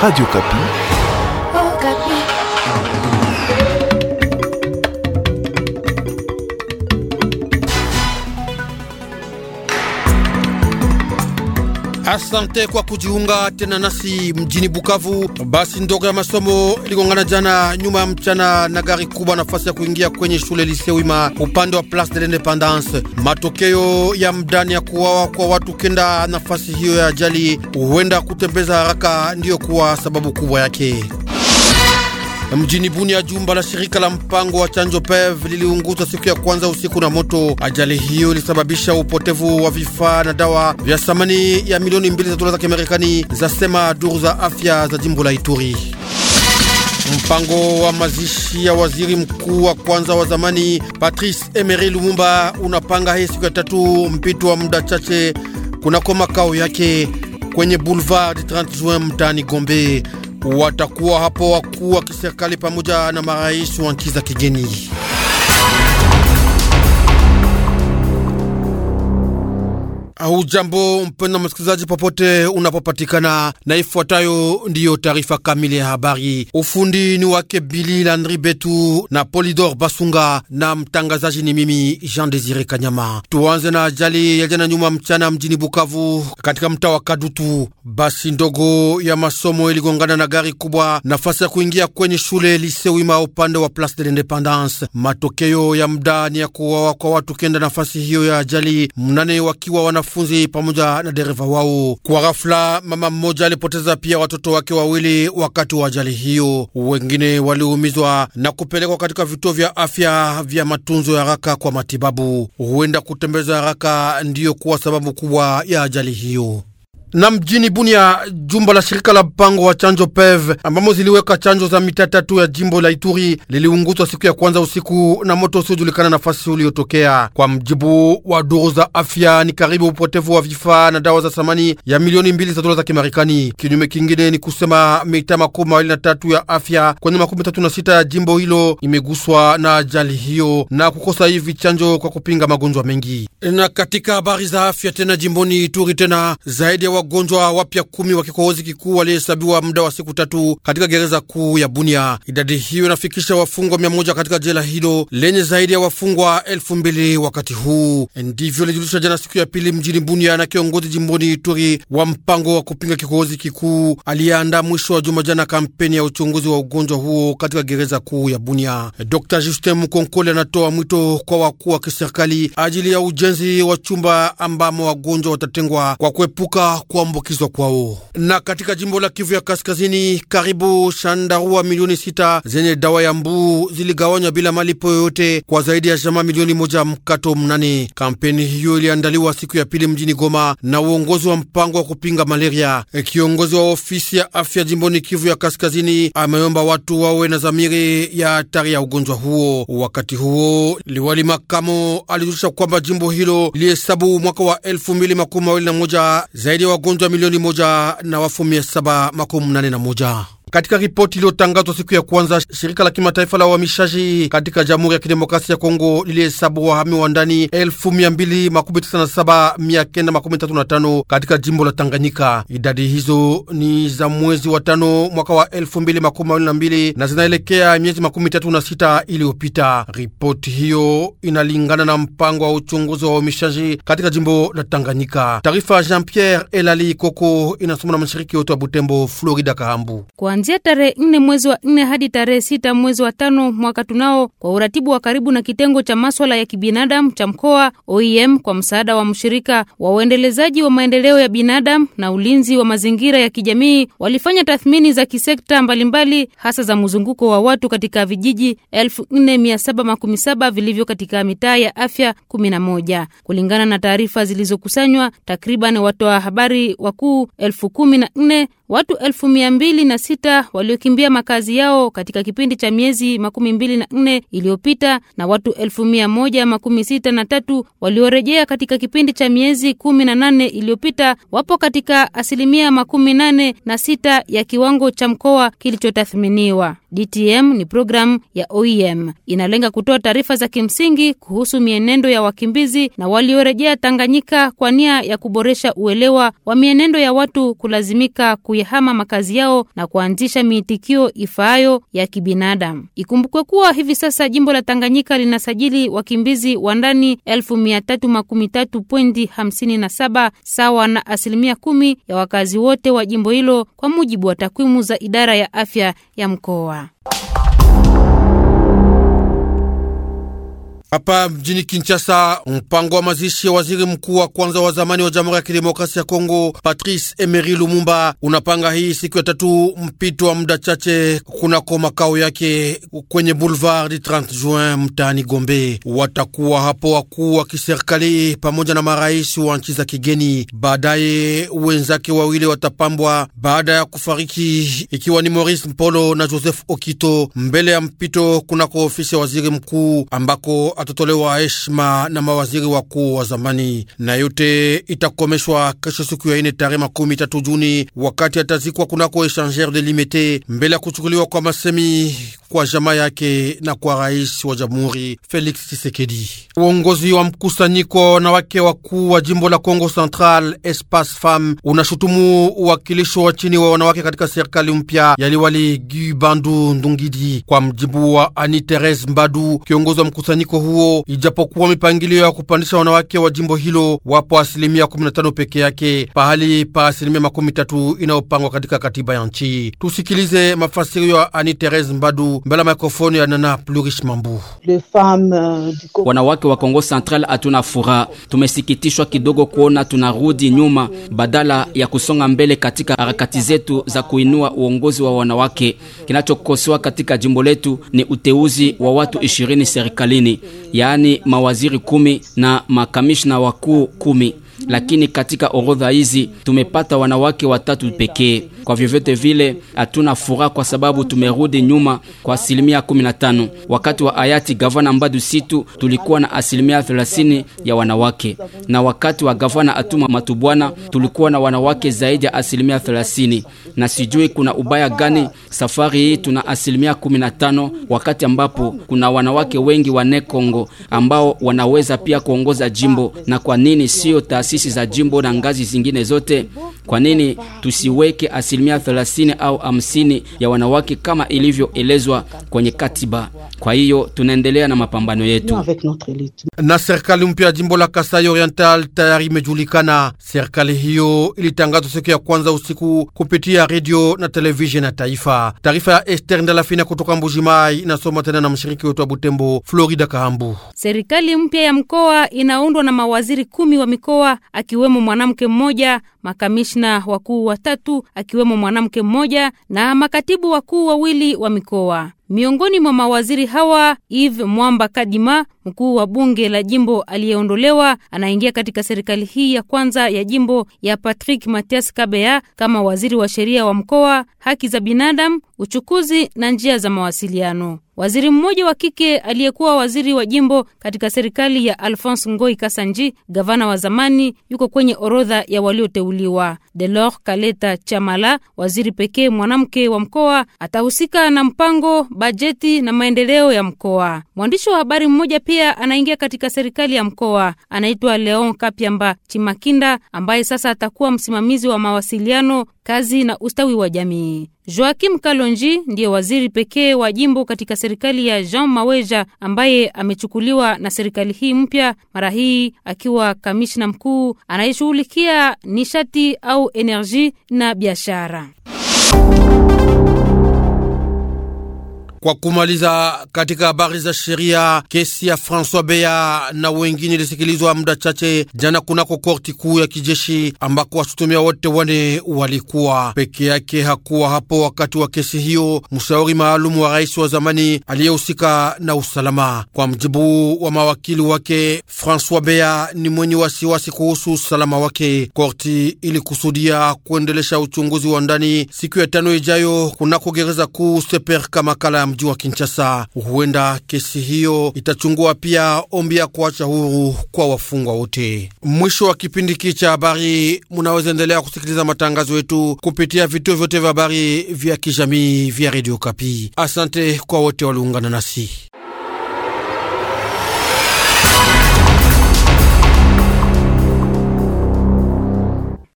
Radio Asante kwa kujiunga tena nasi mjini Bukavu. Basi ndogo ya masomo iligongana jana nyuma ya mchana na gari kubwa, nafasi ya kuingia kwenye shule Lisewima upande wa Place de l'Independance. Matokeo ya mdani ya kuwawa kwa watu kenda nafasi hiyo ya ajali huenda kutembeza haraka ndiyo kuwa sababu kubwa yake. Mjini Bunia, jumba la shirika la mpango wa chanjo PEV liliunguzwa siku ya kwanza usiku na moto. Ajali hiyo ilisababisha upotevu wa vifaa na dawa vya thamani ya milioni mbili za dola za Kimarekani, zasema duru za afya za jimbo la Ituri. Mpango wa mazishi ya waziri mkuu wa kwanza wa zamani Patrice Emery Lumumba unapanga hii siku ya tatu mpito wa muda chache kunako makao yake kwenye Boulevard 30 Juin mtaani Gombe watakuwa hapo wakuu wa kiserikali pamoja na marais wa nchi za kigeni. jambo mpenda msikilizaji, popote unapopatikana, na ifuatayo ndiyo taarifa kamili ya habari. Ufundi ni wake Bili Landri Betu na Polidor Basunga, na mtangazaji ni mimi Jean Desire Kanyama. Tuanze na ajali ya jana nyuma mchana mjini Bukavu, katika mtaa wa Kadutu. Basi ndogo ya masomo iligongana na gari kubwa nafasi ya kuingia kwenye shule Lise Wima upande wa Place de l'Independance. Matokeo ya mda ni ya kuwawa kwa watu kenda nafasi hiyo ya ajali, mnane wakiwa wana wanafunzi pamoja na dereva wao. Kwa ghafula, mama mmoja alipoteza pia watoto wake wawili wakati wa ajali hiyo. Wengine waliumizwa na kupelekwa katika vituo vya afya vya matunzo ya haraka kwa matibabu. Huenda kutembeza haraka ndiyo kuwa sababu kubwa ya ajali hiyo na mjini Bunia, jumba la shirika la mpango wa chanjo PEV ambamo ziliweka chanjo za mita tatu ya jimbo la Ituri liliunguzwa siku ya kwanza usiku na moto usiojulikana nafasi uliotokea. Kwa mjibu wa duru za afya, ni karibu upotevu wa vifaa na dawa za thamani ya milioni mbili za dola za Kimarekani. Kinyume kingine ni kusema mita makumi mawili na tatu ya afya kwenye makumi tatu na sita ya jimbo hilo imeguswa na ajali hiyo na kukosa hivi chanjo kwa kupinga magonjwa mengi. Na katika habari za afya tena jimboni Ituri tena zaidi ya wagonjwa wapya kumi wa kikohozi kikuu walihesabiwa muda wa siku tatu katika gereza kuu ya Bunia. Idadi hiyo inafikisha wafungwa mia moja katika jela hilo lenye zaidi ya wafungwa elfu mbili wakati huu. Ndivyo lijulisha jana siku ya pili mjini Bunia na kiongozi jimboni Ituri wa mpango wa kupinga kikohozi kikuu aliyeandaa mwisho wa juma jana kampeni ya uchunguzi wa ugonjwa huo katika gereza kuu ya Bunia. Dr Justin Mkonkole anatoa mwito kwa wakuu wa kiserikali ajili ya ujenzi wa chumba ambamo wagonjwa watatengwa kwa kuepuka kwa kuambukizwa kwao. Na katika jimbo la Kivu ya Kaskazini, karibu shandarua milioni sita zenye dawa ya mbu ziligawanywa bila malipo yoyote kwa zaidi ya jamaa milioni moja mkato mnane. Kampeni hiyo iliandaliwa siku ya pili mjini Goma na uongozi wa mpango wa kupinga malaria. E, kiongozi wa ofisi ya afya jimboni Kivu ya Kaskazini ameomba watu wawe na zamiri ya hatari ya ugonjwa huo. Wakati huo liwali makamo alijulisha kwamba jimbo hilo lihesabu mwaka wa elfu mbili makumi mawili na moja zaidi ya wagonjwa milioni moja na wafu mia saba makumi nane na moja. Katika ripoti iliyotangazwa siku ya kwanza, shirika la kimataifa la uhamishaji katika Jamhuri ya Kidemokrasia ya Kongo lilihesabu wahami wa ndani 297935 katika jimbo la Tanganyika. Idadi hizo ni za mwezi wa tano mwaka wa 2022 na zinaelekea miezi 36 iliyopita. Ripoti hiyo inalingana na mpango wa uchunguzi wa uhamishaji katika jimbo la Tanganyika. Taarifa Jean Pierre Elali Koko inasoma na mshiriki wetu wa Butembo, Florida Kahambu. Kwa kuanzia tarehe nne mwezi wa nne hadi tarehe sita mwezi wa tano mwaka tunao kwa uratibu wa karibu na kitengo cha maswala ya kibinadamu cha mkoa OEM kwa msaada wa mshirika wa uendelezaji wa maendeleo ya binadamu na ulinzi wa mazingira ya kijamii walifanya tathmini za kisekta mbalimbali hasa za mzunguko wa watu katika vijiji 4717 vilivyo katika mitaa ya afya 11. Kulingana na taarifa zilizokusanywa, takriban watoa habari wakuu elfu kumi na nne watu elfu mia mbili na sita waliokimbia makazi yao katika kipindi cha miezi makumi mbili na nne iliyopita na watu elfu mia moja makumi sita na tatu waliorejea katika kipindi cha miezi kumi na nane iliyopita wapo katika asilimia makumi nane na sita ya kiwango cha mkoa kilichotathminiwa. DTM ni programu ya OEM inalenga kutoa taarifa za kimsingi kuhusu mienendo ya wakimbizi na waliorejea Tanganyika kwa nia ya kuboresha uelewa wa mienendo ya watu kulazimika kuyahama makazi yao na kuanzisha miitikio ifaayo ya kibinadamu. Ikumbukwe kuwa hivi sasa jimbo la Tanganyika linasajili wakimbizi wa ndani 1313.57 sawa na asilimia kumi ya wakazi wote wa jimbo hilo kwa mujibu wa takwimu za idara ya afya ya mkoa. Bye. Hapa mjini Kinshasa, mpango wa mazishi ya waziri mkuu wa kwanza wa zamani wa Jamhuri ya Kidemokrasia ya Kongo, Patrice Emery Lumumba, unapanga hii siku ya tatu mpito wa muda chache kunako makao yake kwenye Boulevard du 30 Juin mtaani Gombe. Watakuwa hapo wakuu wa kiserikali pamoja na marais wa nchi za kigeni. Baadaye wenzake wawili watapambwa baada ya kufariki, ikiwa ni Maurice Mpolo na Joseph Okito, mbele ya mpito kunako ofisi ya waziri mkuu ambako atatolewa heshima na mawaziri wakuu wa zamani, na yote itakomeshwa kesho siku ya ine tarehe makumi tatu Juni, wakati atazikwa kunako Echangeur de Limete, mbele ya kuchukuliwa kwa masemi kwa jamaa yake na kwa rais wa jamhuri Felix Tshisekedi. Uongozi wa mkusanyiko wanawake wakuu wa jimbo la congo Central Espace Fam unashutumu uwakilisho wa chini wa wanawake katika serikali mpya yaliwali Gubandu Ndungidi. Kwa mjibu wa Ani Therese Mbadu, kiongozi wa mkusanyiko huo, ijapokuwa mipangilio ya kupandisha wanawake wa jimbo hilo wapo asilimia 15 peke yake pahali pa asilimia makumi tatu inayopangwa katika katiba ya nchi. Tusikilize mafasirio ya Ani Therese Mbadu mbele ya mikrofoni ya Nana Plurish Mambu. Euh, wanawake wa Kongo Central hatuna furaha, tumesikitishwa kidogo kuona tunarudi nyuma badala ya kusonga mbele katika harakati zetu za kuinua uongozi wa wanawake. Kinachokosewa katika jimbo letu ni uteuzi wa watu ishirini serikalini yaani mawaziri kumi na makamishna wakuu kumi, lakini katika orodha hizi tumepata wanawake watatu pekee. Kwa vyovyote vile, hatuna furaha kwa sababu tumerudi nyuma kwa asilimia 15. Wakati wa hayati gavana Mbadu Situ tulikuwa na asilimia 30 ya wanawake, na wakati wa gavana Atuma Matubwana tulikuwa na wanawake zaidi ya asilimia 30, na sijui kuna ubaya gani safari hii tuna asilimia 15, wakati ambapo kuna wanawake wengi wa Nekongo ambao wanaweza pia kuongoza jimbo. Na kwa nini sio taasisi za jimbo na ngazi zingine zote? Kwa nini tusiweke asilimia asilimia 30 au 50 ya wanawake kama ilivyoelezwa kwenye katiba. Kwa hiyo tunaendelea na mapambano yetu. Na serikali mpya ya jimbo la Kasai Oriental tayari imejulikana. Serikali hiyo ilitangazwa siku ya kwanza usiku kupitia redio na televisheni ya taifa. Taarifa ya Esther Ndalafina kutoka Mbujimai inasoma tena na mshiriki wetu wa Butembo, Florida Kahambu. Serikali mpya ya mkoa inaundwa na mawaziri kumi wa mikoa akiwemo mwanamke mmoja makamishna wakuu watatu akiwemo mwanamke mmoja na makatibu wakuu wawili wa mikoa. Miongoni mwa mawaziri hawa Eve Mwamba Kadima, mkuu wa bunge la jimbo aliyeondolewa, anaingia katika serikali hii ya kwanza ya jimbo ya Patrick Mathias Kabea kama waziri wa sheria wa mkoa, haki za binadamu, uchukuzi na njia za mawasiliano. Waziri mmoja wa kike aliyekuwa waziri wa jimbo katika serikali ya Alphonse Ngoi Kasanji, gavana wa zamani, yuko kwenye orodha ya walioteuliwa. Delor Kaleta Chamala, waziri pekee mwanamke wa mkoa, atahusika na mpango bajeti na maendeleo ya mkoa. Mwandishi wa habari mmoja pia anaingia katika serikali ya mkoa, anaitwa Leon Kapyamba Chimakinda ambaye sasa atakuwa msimamizi wa mawasiliano, kazi na ustawi wa jamii. Joakim Kalonji ndiye waziri pekee wa jimbo katika serikali ya Jean Maweja ambaye amechukuliwa na serikali hii mpya, mara hii akiwa kamishna mkuu anayeshughulikia nishati au enerji na biashara. Kwa kumaliza, katika habari za sheria, kesi ya François Bea na wengine ilisikilizwa muda chache jana kunako korti kuu ya kijeshi, ambako wasutumia wote wane walikuwa peke yake. Hakuwa hapo wakati wa kesi hiyo mshauri maalumu wa rais wa zamani aliyehusika na usalama. Kwa mjibu wa mawakili wake, François Bea ni mwenye wasiwasi kuhusu usalama wake. Korti ilikusudia kuendelesha uchunguzi wa ndani siku ya tano ijayo kunako gereza kuu Seper Kamakala mji wa Kinshasa. Huenda kesi hiyo itachungua pia ombi ya kuacha huru kwa wafungwa wote. Mwisho wa kipindi hiki cha habari, munaweza endelea kusikiliza matangazo yetu kupitia vituo vyote vya habari vya kijamii vya redio Kapi. Asante kwa wote waliungana nasi.